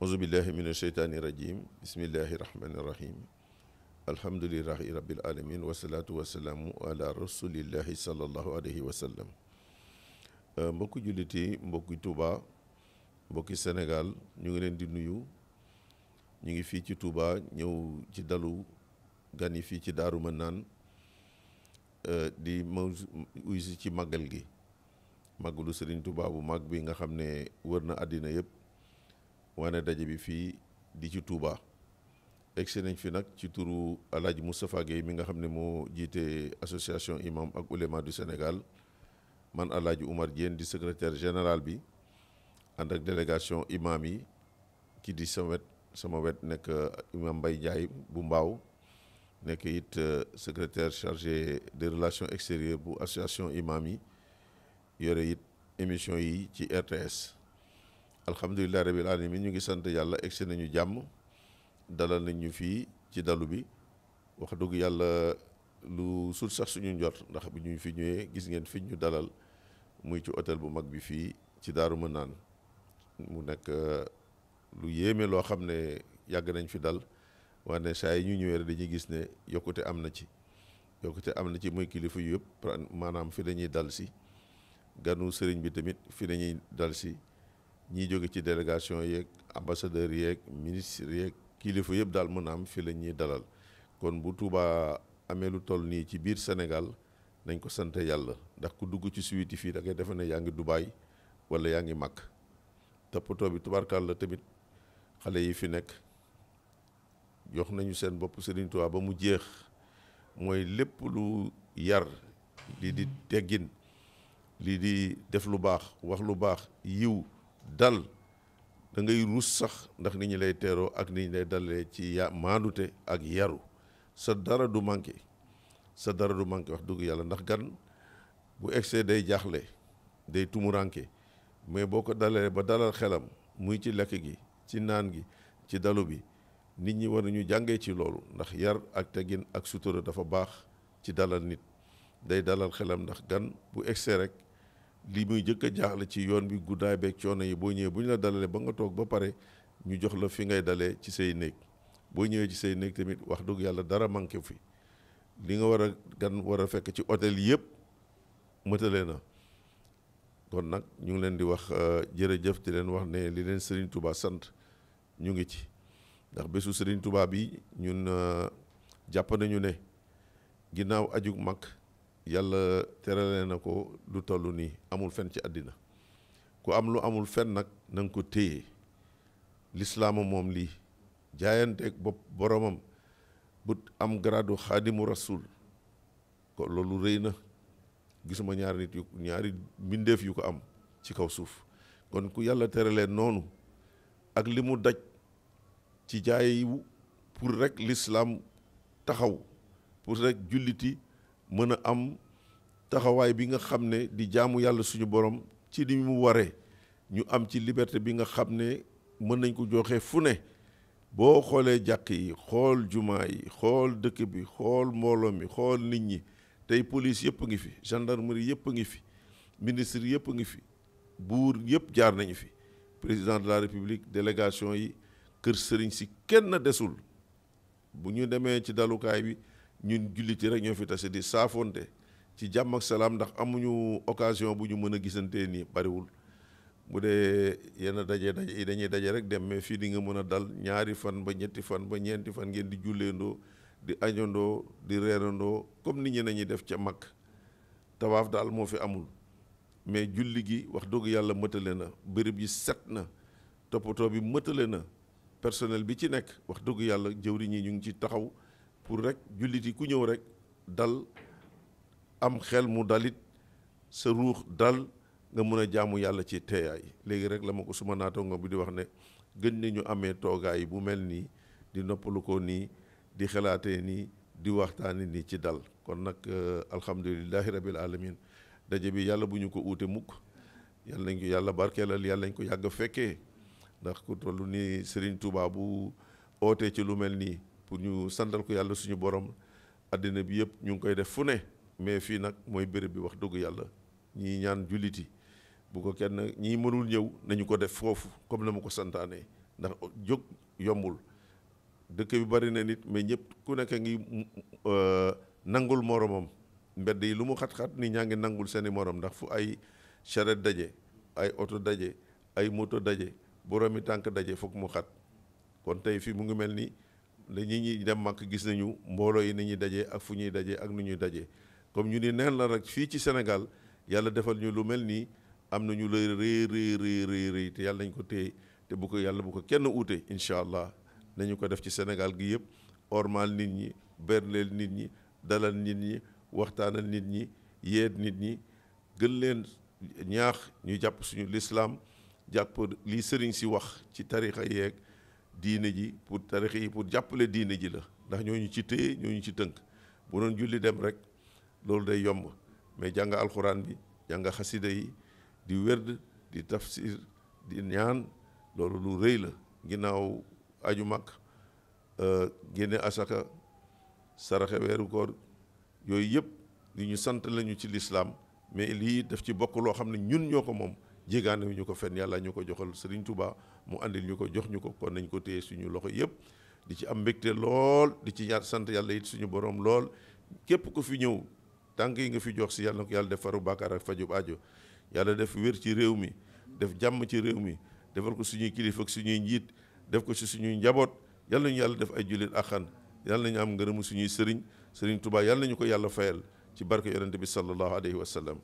auzubillahi min asheytaani rajim bismillahi rahmani rahim alhamdulilahi rabbil alamin wasalaatu wasalaamu ala rasulillahi salallahu alayhi wa sallam euh, mbokki jullit yi mbokki Touba mbokki Sénégal ñu ngi leen di nuyu ñu ngi fii ci Touba ñëw ci dalu gan yi fii ci Daaru Manaan euh, di ma uysi ci màggal gi màggalu Sëriñ Touba bu mag bi nga xam ne wër na àddina yëpp wane daje bi fii di ci Touba. egsi nañ fi nag ci turu El Hadj Moustapha Guèye mi nga xam ne moo jiite association imam ak ouléma du Sénégal man El Hadj Oumar Diène di secrétaire général bi ànd ak délégation imam yi ki di sama wet sama wet nekk euh, imam Mbaye Ndiaye bu Mbaaw nekk it euh, secretaire chargé de relation extérieures bu association imam yi yore it émission yi ci RTS. alhamdulilah rabil alamin ñu ngi sant yàlla egsi nañu jàmm dalal nañu fii ci dalu bi wax dëgg yàlla lu sul sax suñu njor ndax bu ñu fi ñëwee gis ngeen fi ñu dalal muy ci otel bu mag bi fii ci Daaru naan mu nekk euh, lu yéeme loo xam ne yàgg nañ fi dal waaye saa yi ñu ñëwee rek dañuy gis ne yokkute am na ci yokkute am na ci muy kilifa yu yëpp maanaam fi lañuy dal si ganu sëriñ bi tamit fi lañuy dal si ñiy jóge ci délégation yeeg ambassadeur yeeg ministre yeeg kilifa yëpp daal mën a am fii la ñuy dalal kon bu Touba amee lu toll nii ci biir senegal nañ ko sant yàlla ndax ku dugg ci suite fii da ngay defe ne yaa ngi Dubaay wala yaa ngi mag toppatoo bi tubaarkàlla tamit xale yi fi nekk jox nañu seen bopp Serigne Touba ba mu jeex mooy lépp lu yar lii di teggin lii di def lu baax wax lu baax yiw dal dangay ruus sax ndax ni ñu lay teeroo ak ni ñu lay dalalee ci ya maanute ak yaru sa dara du manqué sa dara du manqué wax dugg yàlla ndax gan bu egsee day jaaxle day tumuranke mais boo ko dalalee ba dalal xelam muy ci lekk gi ci naan gi ci dalu bi nit ñi war nañu jàngee ci loolu ndax yar ak tegin ak sutura dafa baax ci dalal nit day dalal xelam ndax gan bu egsee rek li muy jëkk jaaxle ci yoon bi guddaay beeg coono yi boo ñëwee bu ñu la dalalee ba nga toog ba pare ñu jox la fi ngay dalee ci say néeg boo ñëwee ci say néeg tamit wax dëgg yàlla dara manqué fi li nga war a gan war a fekk ci hôtel yëpp mëtale na. kon nag ñu ngi leen di wax euh, jërëjëf di leen wax ne li leen Serigne Touba sant ñu ngi ci ndax bésu Serigne tubaab bi ñun euh, jàpp nañu ne ginnaaw ajug mag. yàlla terale na ko lu toll nii amul fen ci àddina ku am lu amul fen nag na ko téye lislaama moom lii jaayanteeg bopp boromam bu am gradu xaadimu rasul ko loolu rëy na gisuma ñaari nit yu ñaari mbindeef yu ko am ci kaw suuf kon ku yàlla terale noonu ak li mu daj ci jaay pour rek lislaam taxaw pour rek julliti mën a am taxawaay bi nga xam ne di jaamu yàlla suñu borom ci li mu waree ñu am ci liberté bi nga xam ne mën nañ ko joxe fu ne boo xoolee jàq yi xool jumaa yi xool dëkk bi xool mbooloom mi xool nit ñi tey police yëpp ngi fi gendarmerie yëpp ngi fi ministre yëpp ngi fi buur yëpp jaar nañu fi président de la république délégation yi kër sëriñ si kenn desul bu ñu demee ci dalukaay bi ñun jullit yi rek ñoo fi tase di saafonte ci jàmm ak salaam ndax amuñu occasion bu ñu mën a gisante nii bariwul mu dee yenn daje daje yi dañuy daje rek dem mais fii di nga mën a dal ñaari fan ba ñetti fan ba ñeenti fan ngeen di julleendoo di añandoo di reerandoo comme nit ñi nañuy def ca mag tawaaf daal moo fi amul mais julli gi wax dugg yàlla mëtale na béréb yi set na toppatoo bi mëtale na personnel bi ci nekk wax dugg yàlla jëwriñ yi ñu ngi ci taxaw pour rek jullit yi ku ñëw rek dal am xel mu dalit sa ruux dal nga mën a jaamu yàlla ci teeyaay léegi rek la ma ko suma naataango bi di wax ne gën nañu amee toogaay bu mel nii di noppalu ko nii di xalaatee nii di waxtaani nii ci dal kon nag euh, alhamdulilahi rabil alamin daje bi yàlla bu ñu ko uute mukk yàlla nañ ko yàlla barkeelal yàlla nañ ko yàgg fekkee ndax ku toll nii Serigne Touba bu ootee ci lu mel nii pour ñu santal ko yàlla suñu borom àddina bi yëpp ñu ngi koy def fu ne mais fii nag mooy béréb bi wax dugg yàlla ñii ñaan julliti bu ko kenn ñii mënul ñëw nañu ko def foofu comme na ma ko santaane ndax jóg yombul dëkk bi bari na nit mais ñëpp ku nekk ngi euh, nangul moromam mbedd yi lu mu xat-xat ni ñaa ngi nangul seeni morom ndax fu ay charrette daje ay oto daje ay moto daje boromi tànk daje foog mu xat kon tey fii mu ngi mel ni dañuy ñi dem màkk gis nañu mbooloo yi ni ñuy dajee ak fu ñuy dajee ak nu ñuy dajee comme ñu ni neen la rek fii ci Sénégal yàlla defal ñu lu mel nii am na ñu lay rëy rëy rëy te yàlla nañ ko téye te bu ko yàlla bu ko kenn uute incha allah nañu ko def ci Sénégal gi yëpp ormal nit ñi berleel nit ñi dalal nit ñi waxtaanal nit ñi yeet nit ñi gën leen ñaax ñu jàpp suñu lislaam jàpp lii sëriñ si wax ci tarixa yeeg diine ji pour tarix yi pour jàppale diine ji la ndax ñooñu ci téye ñooñu ci tënk bu doon julli dem rek loolu day yomb mais jàng alxuraan bi jàng xasida yi di wérd di tafsir di ñaan loolu lu rëy la ginnaaw aju mag euh, génne asaka saraxe weeru koor yooyu yëpp li ñu sant lañu ci lislaam mais lii def ci bokk loo xam ne ñun ñoo ko moom jéegaane wu ñu ko fenn yàlla ñu ko joxal Serigne Touba mu andil ñu ko jox ñu ko kon nañ ko téye suñu loxo yëpp di ci am mbégte lool di ci ñaar sant yàlla it suñu boroom lool képp ku fi ñëw tànk yi nga fi jox si yàlla na ko yàlla def faru bàkkaar ak fajub aajo yàlla def wér ci réew mi def jàmm ci réew mi defal ko suñuy kilifa ak suñuy njiit def ko si suñuy njaboot yàlla nañu yàlla def ay jullit axan yàlla nañu am ngërëmu suñuy sëriñ sëriñ Touba yàlla nañu ko yàlla fayal ci barke yonente bi sallallahu alayhi wa sallam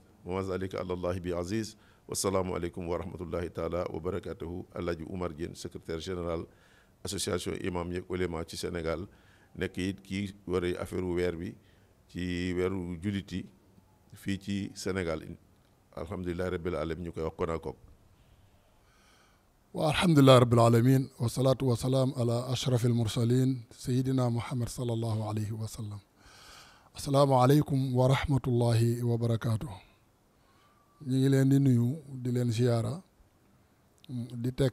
wasalaamualeykum wa rahmatullahi taala wa barakatuhu alaaji Oumar Diène secrétaire général association imam yeeg ulema ci Sénégal nekk it kii waree affaire weer bi ci weeru jullit yi fii ci Sénégal alhamdulilahi rabbil alamin ñu koy wax Konakook waa alhamdulilahi rabbil alamin wasalaatu wasalaam ala ashraf almursalin sayidina muhammad salallahu alayhi wa sallam asalaamualeykum wa rahmatullahi wa barakatuh ñu ngi leen di nuyu di leen ziyaara di teg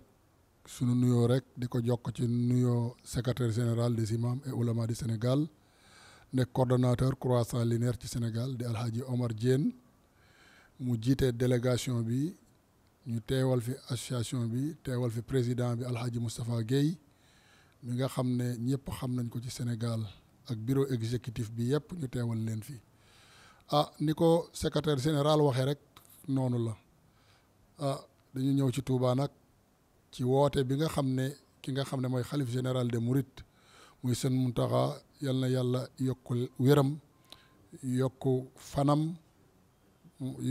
suñu nuyoo rek di ko jokk ci nuyoo secretaire général des imams et oulémas du Sénégal nekk coordonnateur croissant linéaire ci Sénégal di alhaji Omar Diène mu jiite délégation bi ñu teewal fi association bi teewal fi président bi alhaji Moustapha Guèye mi nga xam ne ñëpp xam nañ ko ci Sénégal ak bureau exécutif bi yëpp ñu teewal leen fi ah ni ko secretaire général waxee rek noonu la ah dañu ñëw ci Touba nag ci woote bi nga xam ne ki nga xam ne mooy xalif général de Mouride muy seen Muntaxa yal na yàlla yokk wéram yokk fanam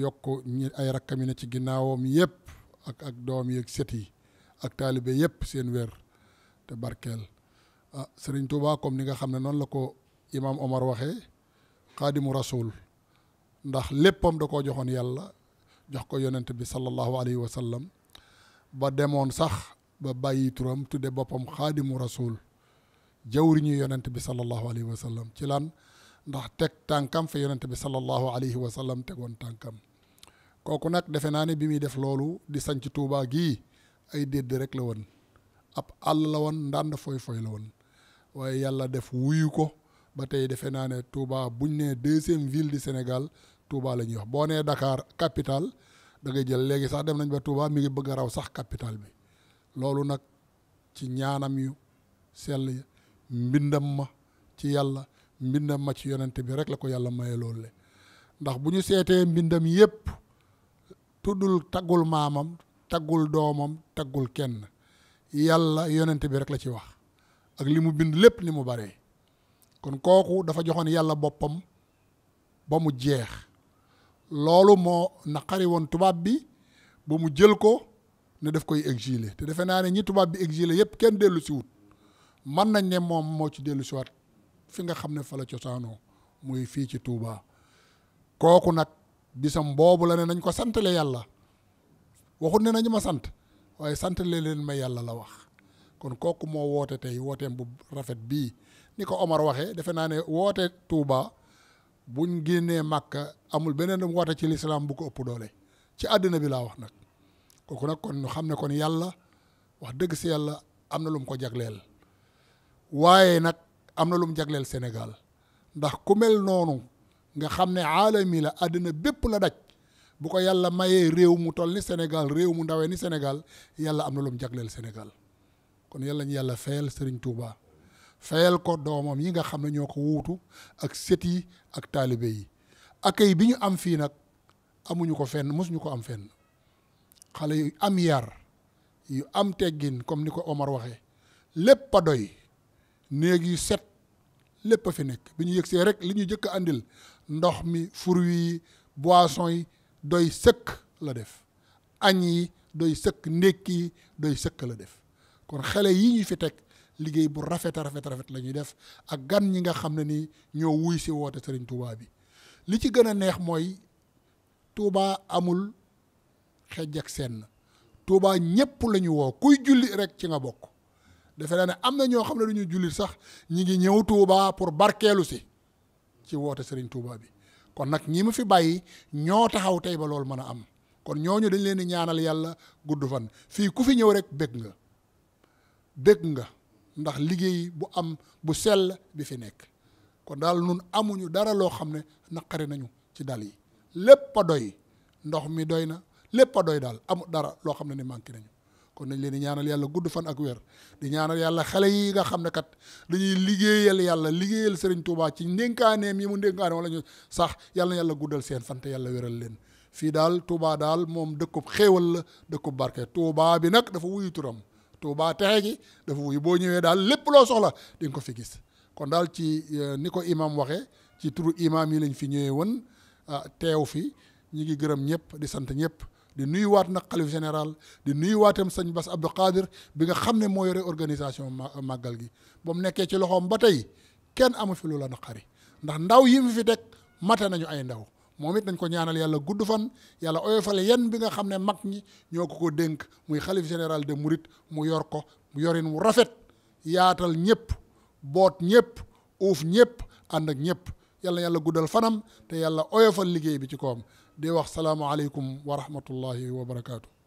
yokk ñi ay rakkam ci ginnaawam yëpp ak ak doom yi ak yi ak taalibe yëpp seen wér te barkeel ah Sëriñ Touba comme ni nga xam ne noonu la ko imaam Omar waxee xaadimu rasul ndax léppam da koo joxoon yàlla jox ko yonent bi sallallahu alayhi wa sallam ba demoon sax ba bàyyi turam tudde boppam xaadimu rasul jawriñu yonent bi sallallahu alayhi wa ci lan ndax teg tànkam fa yonent bi sallallahu alayhi wa sallam tegoon tànkam kooku nag defe naa ne bi muy def loolu di sanc Tuubaa gii ay dédd rek la woon ab àll la woon ndànd foy foy la woon waaye yàlla def wuyu ko ba tey defe naa ne Touba buñ nee deuxième ville du Sénégal Touba la ñuy wax boo nee dakaar capital da ngay jël léegi sax dem nañ ba Touba mi ngi bëgg raw sax capital bi loolu nag ci ñaanam yu sell mbindam ma ci yàlla mbindam ma ci yonent bi rek la ko yàlla maye loolu le ndax bu ñu seetee mbindam yépp tuddul taggul maamam taggul doomam taggul kenn yàlla yonent bi rek la ci wax ak li mu bind lépp li mu baree kon kooku dafa joxoon yàlla boppam ba mu jeex loolu moo naqari woon tubaab bi ba mu jël ko ne def koy exiler te defe naa ne ñi tubaab bi exiler yëpp kenn dellu si wut mën nañ ne moom moo ci dellu si waat fi nga xam ne fa la cosaanoo muy fii ci Touba kooku nag bisam boobu la ne nañ ko santale yàlla waxut ne nañu ma sant waaye santale leen ma yàlla la wax kon kooku moo woote tey wooteem bu rafet bii ni ko Omar waxee defe naa ne woote tuubaa buñ génnee màkka amul beneen woote ci lislaam bu ko ëpp doole ci àddina bi laa wax nag kooku nag kon ñu xam ne kon yàlla wax dëgg si yàlla am na lu mu ko jagleel waaye nag am na lu mu jagleel Sénégal ndax ku mel noonu nga xam ne aalami la àddina bépp la daj bu ko yàlla mayee réew mu toll ni Sénégal réew mu ndawee ni Sénégal yàlla am na lu mu jagleel Sénégal kon yàlla ñu yàlla fayal Serigne Touba. fayal ko doomam yi nga xam ne ñoo ko wuutu ak sët yi ak taalibe yi akay bi ñu am fii nag amuñu ko fenn mosuñu ko am fenn xale yu am yar yu am teggin comme ni ko Omar waxee lépp a doy néeg yu set lépp a fi nekk bi ñu see rek li ñuy jëkk a àndil ndox mi fruits yi boissons yi doy sëkk la def añ yi doy sëkk ndékki yi doy sëkk la def kon xale yi ñu fi teg liggéey bu rafet rafet rafet la ñuy def ak gan ñi nga xam ne ni ñoo wuy si woote Serigne Touba bi li ci gën a neex mooy Touba amul xejj ak seen Touba ñëpp la ñu woo kuy julli rek ci nga bokk defe naa ne am na ñoo xam ne du ñu jullit sax ñi ngi ñëw tuubaa pour barkeelu si ci woote Serigne Touba bi kon nag ñi ma fi bàyyi ñoo taxaw tey ba loolu mën a am kon ñooñu dañ leen di ñaanal yàlla gudd fan fii ku fi ñëw rek bëgg nga bëgg nga. ndax liggéey bu am bu sell bi fi nekk kon daal nun amuñu dara loo xam ne naqari nañu ci dal yi lépp a doy ndox mi doy na lépp a doy daal amul dara loo xam ne ni manqué nañu kon nañ leen di ñaanal yàlla gudd fan ak wér di ñaanal yàlla xale yi nga xam ne kat dañuy liggéeyal yàlla liggéeyal Serigne Touba ci ndénkaaneem yi mu ndénkaane wala ñu sax yàlla na yàlla guddal seen fante yàlla wéral leen fii daal Touba daal moom dëkkub xéewal la dëkkub barke Touba bi nag dafa wuyu turam Touba texe ji dafa yi boo ñëwee daal lépp loo soxla di nga ko fi gis kon daal ci euh, ni ko imam waxee ci turu imam yi lañ fi ñëwee woon ah, teew fi ñu ngi gërëm ñëpp di sant ñëpp di nuyuwaat nag xalif général di nuyuwaatam sëñ bas Abdou Khadir bi nga xam ne moo yore organisation màggal gi ba mu nekkee ci loxoom ba tey kenn amu fi lu la naqari ndax ndaw yi mu fi teg mate nañu ay ndaw moom it nañ ko ñaanal yàlla gudd fan yàlla oyofale yan bi nga xam ne mag ñi ñoo ko ko dénk muy xalif général de Murit mu yor ko mu yorin mu rafet yaatal ñëpp boot ñëpp uuf ñëpp ànd ak ñëpp yàlla yàlla guddal fanam te yàlla oyofal liggéey bi ci koom di wax salaamualeykum wa rahmatullahi wa barakaatu.